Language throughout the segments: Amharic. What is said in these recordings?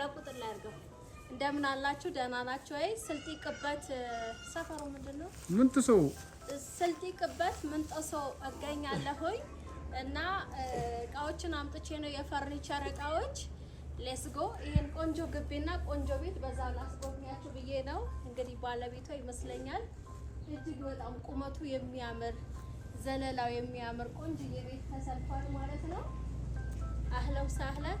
ለቁጥር ላይ አድርገው። እንደምን አላችሁ? ደህና ናችሁ ወይ? ስልጢ ቅበት ሰፈሩ ምንድን ነው? ምንት ሰው ስልጢ ቅበት ምንጦ ሰው እገኛለሁኝ እና እቃዎችን አምጥቼ ነው የፈርኒቸር እቃዎች። ሌስጎ ይሄን ቆንጆ ግቢና ቆንጆ ቤት በዛ ላስጎብኛችሁ ብዬ ነው። እንግዲህ ባለቤቷ ይመስለኛል እጅግ በጣም ቁመቱ የሚያምር ዘለላው የሚያምር ቆንጆ የቤት ተሰርቷል ማለት ነው። አህለው ሳህለን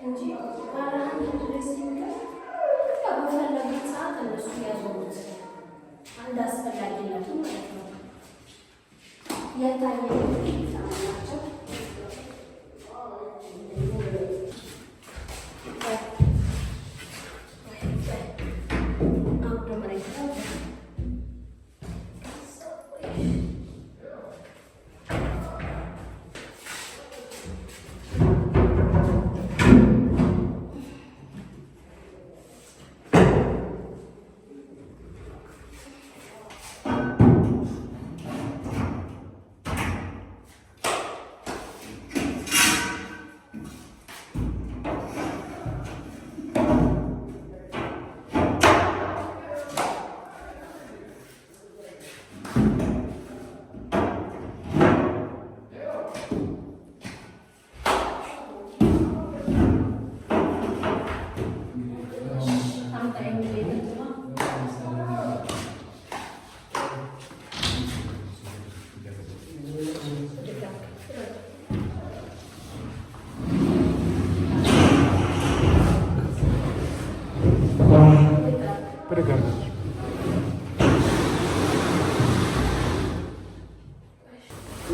Onde? Tipo, para a natureza Thank you.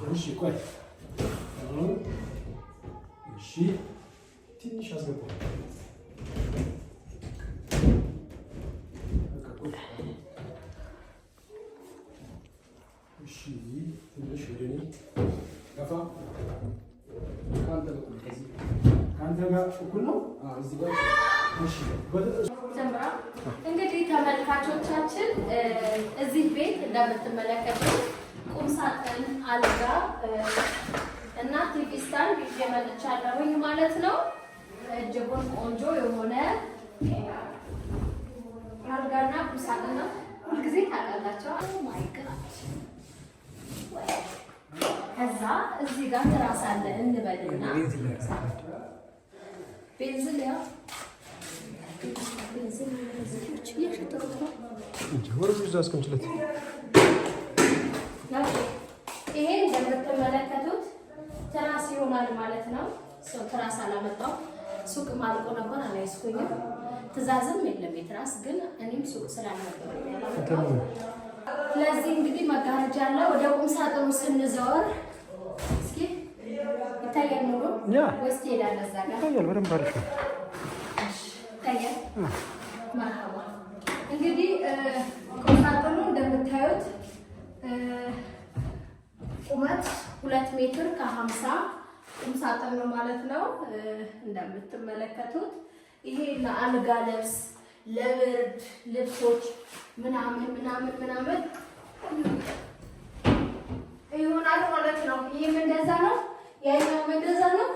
好奇怪，嗯，是听啥子不？是，你说的呢？በኩል ነው። እንግዲህ ተመልካቾቻችን እዚህ ቤት እንደምትመለከቱት ቁምሳጥን፣ አልጋ እና ቲቪ ስታንድ ይዤ መጥቻለሁኝ ማለት ነው። እጅጉን ቆንጆ የሆነ አልጋና ቁምሳጥን ነው። ሁልጊዜ ታውቃላቸው። ከዛ እዚህ ጋር ትራስ አለ እንበልና ቤንዝል ይሄ እንደምትመለከቱት ትራስ ይሆናል ማለት ነው። ሰው ትራስ አላመጣው ሱቅ ማልቆ ነበር አላይስኩኝም። ትእዛዝም የለም የትራስ ግን እኔም ሱቅ ስላልነበረ ለዚህ እንግዲህ መጋረጃ አለ። ወደ ቁም ሳጥኑ ስንዘወር ይታያል። በደንብ አሪፍ ነው። እንግዲህ ቁምሳጥኑ እንደምታዩት ቁመት ሁለት ሜትር ከሀምሳ ቁምሳጥን ነው ማለት ነው። እንደምትመለከቱት ይሄ ለአልጋ ልብስ፣ ለብርድ ልብሶች ምናምን ምናምን ምናምን ይሆናል ማለት ነው። ይህም እንደዛ ነው። ያኛው መገዛ ነው።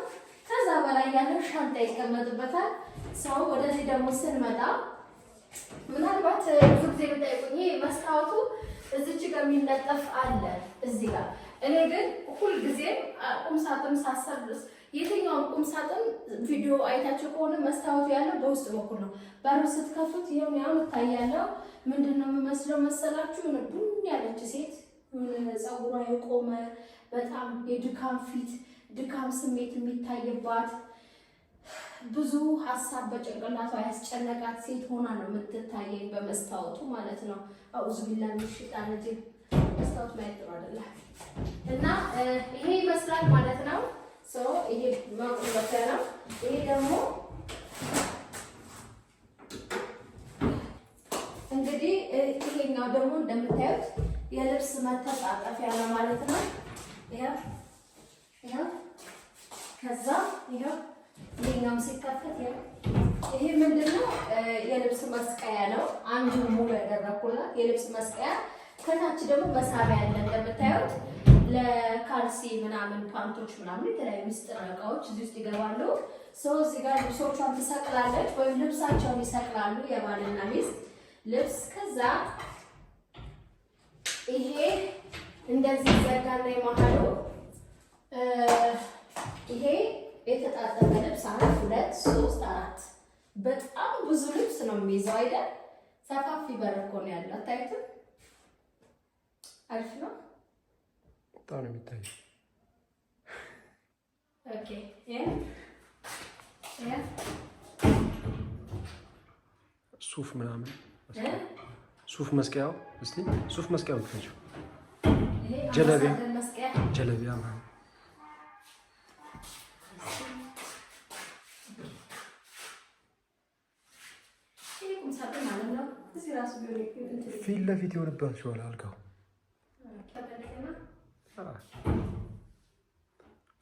ከዛ በላይ ያለው ሻንጣ ይቀመጥበታል። ሰው ወደዚህ ደግሞ ስንመጣ ምናልባት ብዙ ጊዜ የምጠይቁኝ መስታወቱ እዚች ጋር የሚለጠፍ አለ እዚህ ጋር። እኔ ግን ሁልጊዜም ቁምሳጥን ሳሰብ የትኛውም ቁምሳጥን ቪዲዮ አይታችሁ ከሆነ መስታወቱ ያለው በውስጥ በኩል ነው። በሩ ስትከፍቱት ይኸው ያው ይታያለው። ምንድን ነው የምመስለው መሰላችሁ? ቡኒ ያለች ሴት ጸጉሯ የቆመ በጣም የድካም ፊት ድካም ስሜት የሚታይባት ብዙ ሀሳብ በጭንቅላቷ ያስጨነቃት ሴት ሆና ነው የምትታየኝ በመስታወቱ ማለት ነው። አውዝ ቢላ ምሽጣ ልጅ መስታወት ማየት ጥሩ አይደለም እና ይሄ ይመስላል ማለት ነው። ይሄ ነው። ይሄ ደግሞ እንግዲህ ይሄኛው ደግሞ እንደምታዩት የልብስ መተጣጠፊያ ነው ማለት ነው። ከዛ ይሄው ይሄኛው ሲከፈት ይሄ ይሄ ምንድነው የልብስ መስቀያ ነው። አንዱ ሙሉ ያደረኩላት የልብስ መስቀያ ከታች ደግሞ መሳቢያ ያለ እንደምታዩት ለካልሲ ምናምን ፓንቶች ምናምን የተለያዩ ምስጢር እቃዎች እዚህ ውስጥ ይገባሉ። ሰው እዚህ ጋር ልብሶቿን ትሰቅላለች ወይም ልብሳቸውን ይሰቅላሉ የባልና ሚስት ልብስ። ከዛ ይሄ እንደዚህ ይዘጋና የመሀሉ ይሄ የተጣጠፈ ልብስ አንድ ሁለት ሶስት አራት በጣም ብዙ ልብስ ነው የሚይዘው አይደል? ሰፋፊ በር እኮ ነው ያለው። አታዩትም? አሪፍ ነው። በጣም ነው ኦኬ ሱፍ ምናምን ሱፍ መስቀያው እስቲ ሱፍ መስቀያው ልፈጁ ጀለቢያ ጀለቢያ ማለት ፊት ለፊት ሲሆን አልጋው።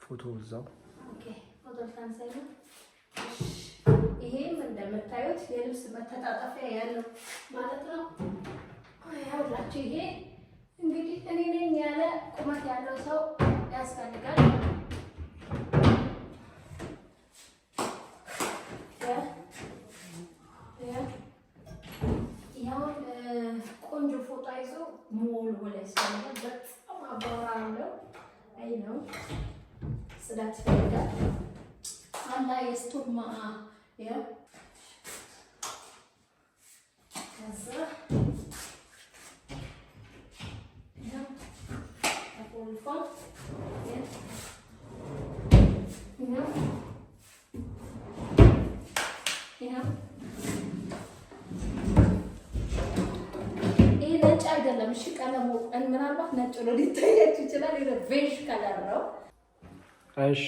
ፎቶ እዛው ይሄም እንደምታዩት የልብስ መተጣጠፊያ ያለው ማለት ነው። ያውላችሁ ይሄ እንግዲህ እኔ ነኝ ያለ ቁመት ያለው ሰው know. So that's very good. Allah is turma'a. Yeah. ከዛ ይኸው ተቆልፏል። አይደለም። እሺ ቀለሙ ምናልባት ነጭ ነው ሊታያችሁ ይችላል። ቬዥ ከለር ነው። እሺ